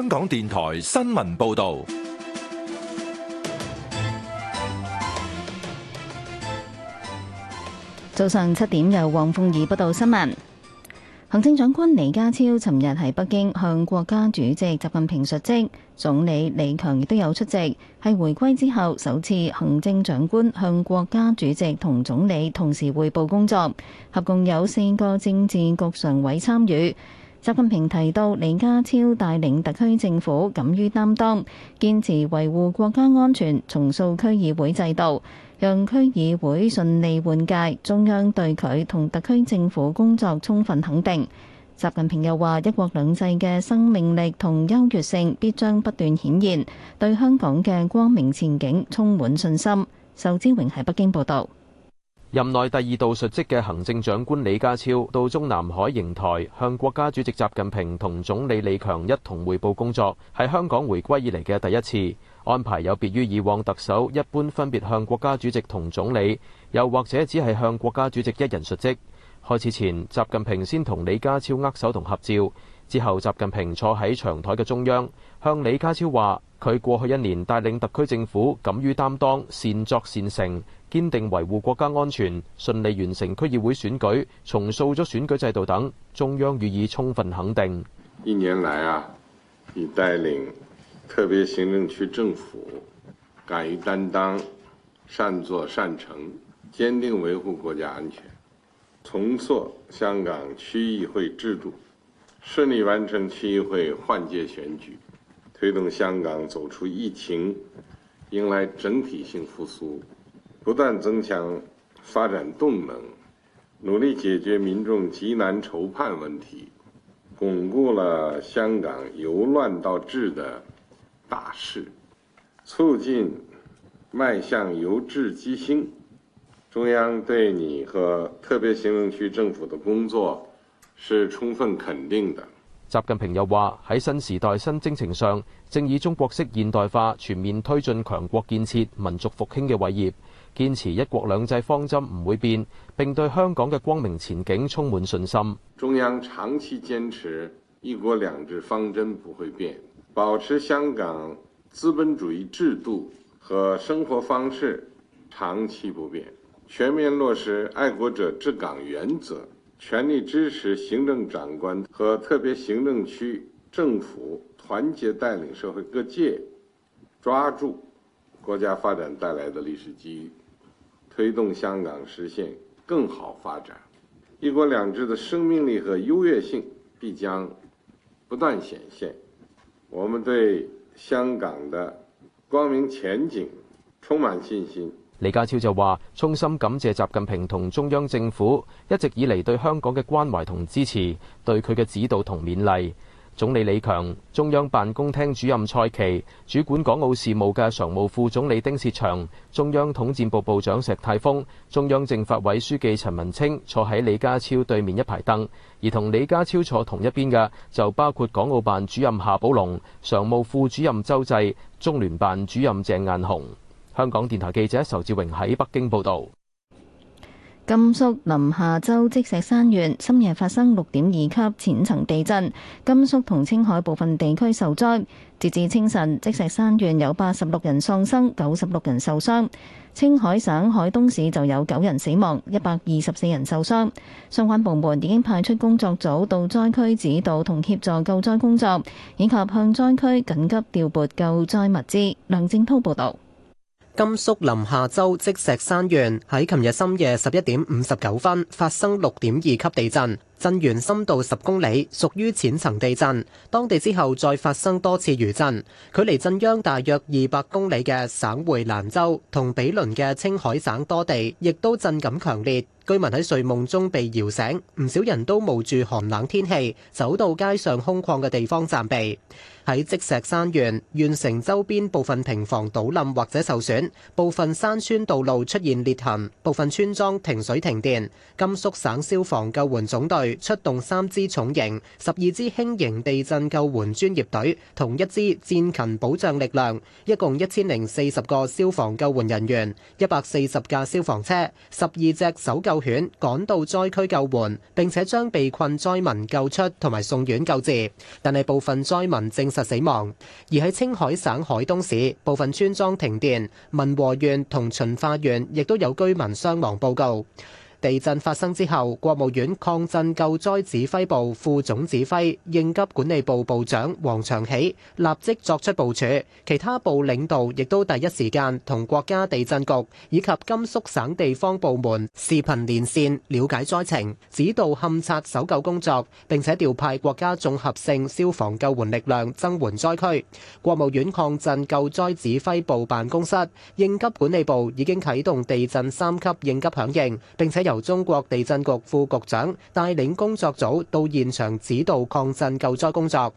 香港電台新聞報道，早上七點由黃鳳儀報道新聞。行政長官李家超尋日喺北京向國家主席習近平述職，總理李強亦都有出席，係回歸之後首次行政長官向國家主席同總理同時匯報工作，合共有四個政治局常委參與。習近平提到，李家超帶領特區政府，敢於擔當，堅持維護國家安全，重塑區議會制度，讓區議會順利換屆，中央對佢同特區政府工作充分肯定。習近平又話，一國兩制嘅生命力同優越性，必將不斷顯現，對香港嘅光明前景充滿信心。仇志榮喺北京報道。任內第二度述職嘅行政長官李家超到中南海瀛台向國家主席習近平同總理李強一同匯報工作，係香港回歸以嚟嘅第一次安排，有別於以往特首一般分別向國家主席同總理，又或者只係向國家主席一人述職。開始前，習近平先同李家超握手同合照，之後習近平坐喺長台嘅中央，向李家超話：佢過去一年帶領特區政府，敢於擔當，善作善成。堅定維護國家安全，順利完成區議會選舉，重塑咗選舉制度等，中央予以充分肯定。一年來啊，你帶領特別行政區政府敢於擔當，善作善成，堅定維護國家安全，重塑香港區議會制度，順利完成區議會換屆選舉，推動香港走出疫情，迎來整體性復蘇。不斷增強發展動能，努力解決民眾急難愁盼問題，鞏固了香港由亂到治的大勢，促進邁向由治及興。中央對你和特別行政區政府的工作是充分肯定的。習近平又話：喺新時代新征程上，正以中國式現代化全面推進強國建設、民族復興嘅偉業。堅持一國兩制方針唔會變，並對香港嘅光明前景充滿信心。中央長期堅持一國兩制方針不會變，保持香港資本主義制度和生活方式長期不變，全面落實愛國者治港原則，全力支持行政長官和特別行政區政府團結帶領社會各界，抓住國家發展帶來的歷史機遇。推動香港實現更好發展，一國兩制的生命力和優越性，必將不斷顯現。我們對香港的光明前景充滿信心。李家超就話：衷心感謝習近平同中央政府一直以嚟對香港嘅關懷同支持，對佢嘅指導同勉勵。總理李強、中央辦公廳主任蔡奇、主管港澳事務嘅常務副總理丁薛祥、中央統戰部部長石泰峰、中央政法委書記陳文清坐喺李家超對面一排凳，而同李家超坐同一邊嘅就包括港澳辦主任夏寶龍、常務副主任周濟、中聯辦主任鄭雁雄。香港電台記者仇志榮喺北京報道。甘肅臨夏州積石山縣深夜發生六點二級淺層地震，甘肅同青海部分地區受災。截至清晨，積石山縣有八十六人喪生，九十六人受傷；青海省海東市就有九人死亡，一百二十四人受傷。相關部門已經派出工作組到災區指導同協助救災工作，以及向災區緊急調撥救災物資。梁正濤報道。甘肅臨夏州積石山縣喺琴日深夜十一點五十九分發生六點二級地震。震源深度十公里，屬於淺層地震。當地之後再發生多次餘震。距離震央大約二百公里嘅省會蘭州同毗鄰嘅青海省多地，亦都震感強烈，居民喺睡夢中被搖醒，唔少人都冒住寒冷天氣，走到街上空曠嘅地方暫避。喺積石山縣縣城周邊部分平房倒冧或者受損，部分山村道路出現裂痕，部分村莊停水停電。甘肅省消防救援總隊，出動三支重型，十二支輕型地震救援專業隊，同一支戰勤保障力量，一共一千零四十個消防救援人員，一百四十架消防車，十二隻搜救犬，趕到災區救援，並且將被困災民救出同埋送院救治。但係部分災民證實死亡。而喺青海省海東市，部分村莊停電，民和縣同循化縣亦都有居民傷亡報告。地震發生之後，國務院抗震救災指揮部副總指揮、應急管理部部長王長喜立即作出部署，其他部領導亦都第一時間同國家地震局以及甘肅省地方部門視頻連線，了解災情，指導勘察搜救工作，並且調派國家綜合性消防救援力量增援災區。國務院抗震救災指揮部辦公室、應急管理部已經啟動地震三級應急響應，並且有，由中國地震局副局長帶領工作組到現場指導抗震救災工作。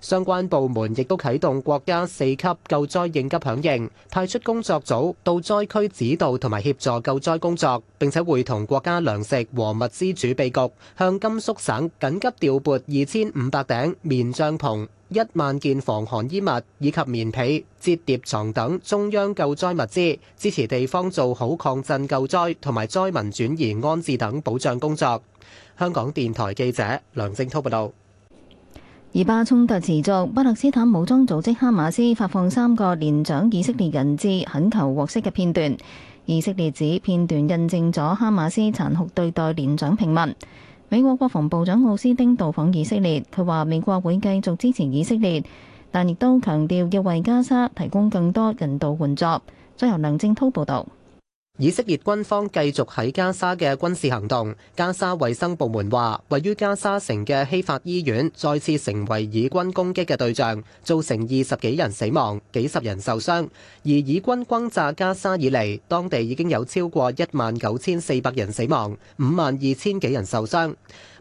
相關部門亦都啟動國家四級救災應急響應，派出工作組到災區指導同埋協助救災工作，並且會同國家糧食和物資儲備局向甘肅省緊急調撥二千五百頂棉帳篷、一萬件防寒衣物以及棉被、折疊床等中央救災物資，支持地方做好抗震救災同埋災民轉移安置等保障工作。香港電台記者梁正滔報道。以巴衝突持續，巴勒斯坦武裝組織哈馬斯發放三個連長以色列人質，懇求獲釋嘅片段。以色列指片段印證咗哈馬斯殘酷對待連長平民。美國國防部長奧斯丁到訪以色列，佢話美國會繼續支持以色列，但亦都強調要為加沙提供更多人道援助。再由梁正滔報導。以色列軍方繼續喺加沙嘅軍事行動。加沙衛生部門話，位於加沙城嘅希法醫院再次成為以軍攻擊嘅對象，造成二十幾人死亡、幾十人受傷。而以軍轟炸加沙以嚟，當地已經有超過一萬九千四百人死亡、五萬二千幾人受傷。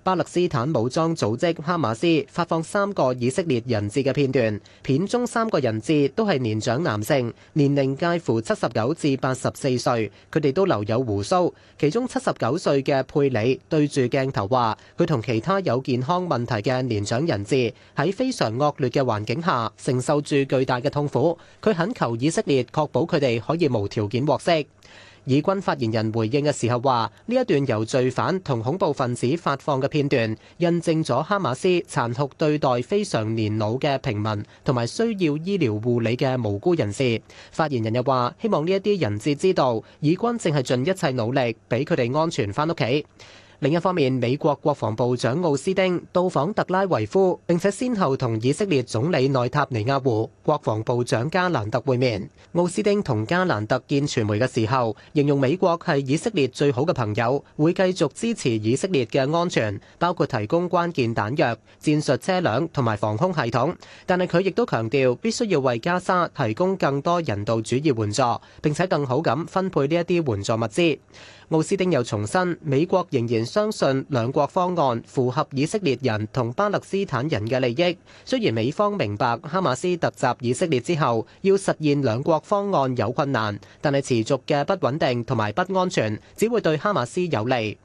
巴勒斯坦武裝組織哈馬斯發放三個以色列人質嘅片段，片中三個人質都係年長男性，年齡介乎七十九至八十四歲，佢哋都留有鬍鬚。其中七十九歲嘅佩里對住鏡頭話，佢同其他有健康問題嘅年長人質喺非常惡劣嘅環境下承受住巨大嘅痛苦，佢懇求以色列確保佢哋可以無條件獲釋。以軍發言人回應嘅時候話：呢一段由罪犯同恐怖分子發放嘅片段，印證咗哈馬斯殘酷對待非常年老嘅平民同埋需要醫療護理嘅無辜人士。發言人又話：希望呢一啲人質知道，以軍正係盡一切努力，俾佢哋安全返屋企。另一方面，美國國防部長奧斯丁到訪特拉維夫，並且先後同以色列總理內塔尼亞胡、國防部長加蘭特會面。奧斯丁同加蘭特見傳媒嘅時候，形容美國係以色列最好嘅朋友，會繼續支持以色列嘅安全，包括提供關鍵彈藥、戰術車輛同埋防空系統。但係佢亦都強調必須要為加沙提供更多人道主義援助，並且更好咁分配呢一啲援助物資。奧斯丁又重申，美國仍然相信兩國方案符合以色列人同巴勒斯坦人嘅利益。雖然美方明白哈馬斯突襲以色列之後，要實現兩國方案有困難，但係持續嘅不穩定同埋不安全，只會對哈馬斯有利。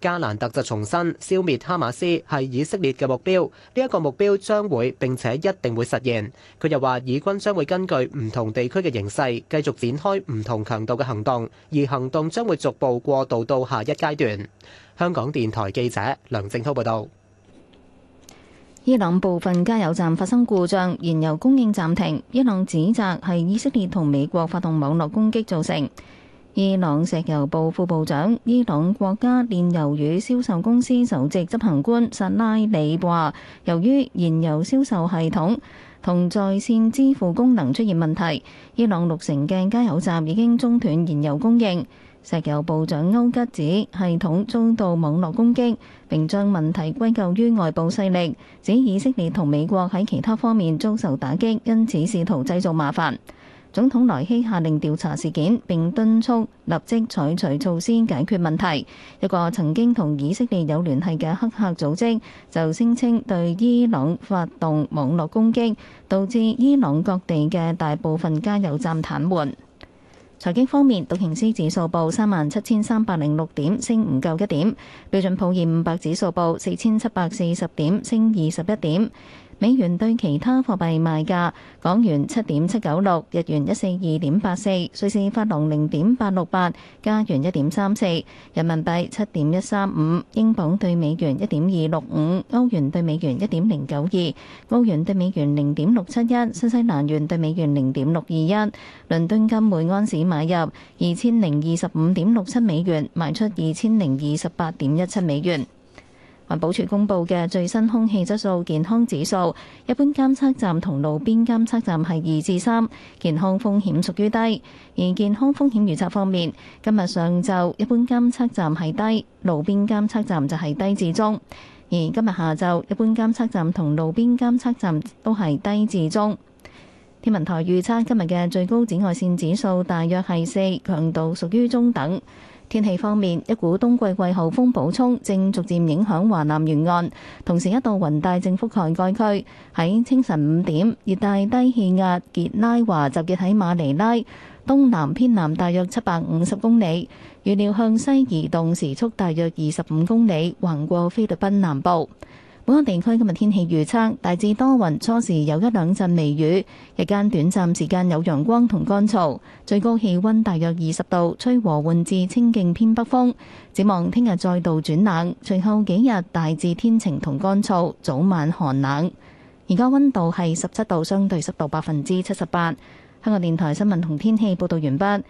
加蘭特就重申，消滅哈馬斯係以色列嘅目標，呢一個目標將會並且一定會實現。佢又話，以軍將會根據唔同地區嘅形勢，繼續展開唔同強度嘅行動，而行動將會逐步過渡到下一階段。香港電台記者梁正滔報道，伊朗部分加油站發生故障，燃油供應暫停。伊朗指責係以色列同美國發動網絡攻擊造成。伊朗石油部副部長，伊朗國家煉油與銷售公司首席執行官薩拉里話，由於燃油銷售系統同在線支付功能出現問題，伊朗六成嘅加油站已經中斷燃油供應，石油部長歐吉指系統遭到網絡攻擊，並將問題歸咎於外部勢力，指以色列同美國喺其他方面遭受打擊，因此試圖製造麻煩。總統萊希下令調查事件，並敦促立即採取措施解決問題。一個曾經同以色列有聯繫嘅黑客組織就聲稱對伊朗發動網絡攻擊，導致伊朗各地嘅大部分加油站癱瘓。財經方面，道瓊斯指數報三萬七千三百零六點，升唔夠一點；標準普爾五百指數報四千七百四十點，升二十一點。美元對其他貨幣賣價：港元七點七九六，日元一四二點八四，瑞士法郎零點八六八，加元一點三四，人民幣七點一三五，英鎊對美元一點二六五，歐元對美元一點零九二，歐元對美元零點六七一，新西蘭元對美元零點六二一。倫敦金每安士買入二千零二十五點六七美元，賣出二千零二十八點一七美元。環保署公布嘅最新空氣質素健康指數，一般監測站同路邊監測站係二至三，健康風險屬於低。而健康風險預測方面，今日上晝一般監測站係低，路邊監測站就係低至中。而今日下晝，一般監測站同路邊監測站都係低至中。天文台預測今日嘅最高紫外線指數大約係四，強度屬於中等。天氣方面，一股冬季季候風補充正逐漸影響華南沿岸，同時一道雲帶正覆蓋該區。喺清晨五點，熱帶低氣壓杰拉華集結喺馬尼拉東南偏南大約七百五十公里，預料向西移動時速大約二十五公里，橫過菲律賓南部。本港地區今日天，天氣預測大致多雲，初時有一兩陣微雨，日間短暫時間有陽光同乾燥，最高氣溫大約二十度，吹和緩至清勁偏北風。展望聽日再度轉冷，隨後幾日大致天晴同乾燥，早晚寒冷。而家溫度係十七度，相對濕度百分之七十八。香港電台新聞同天氣報導完畢。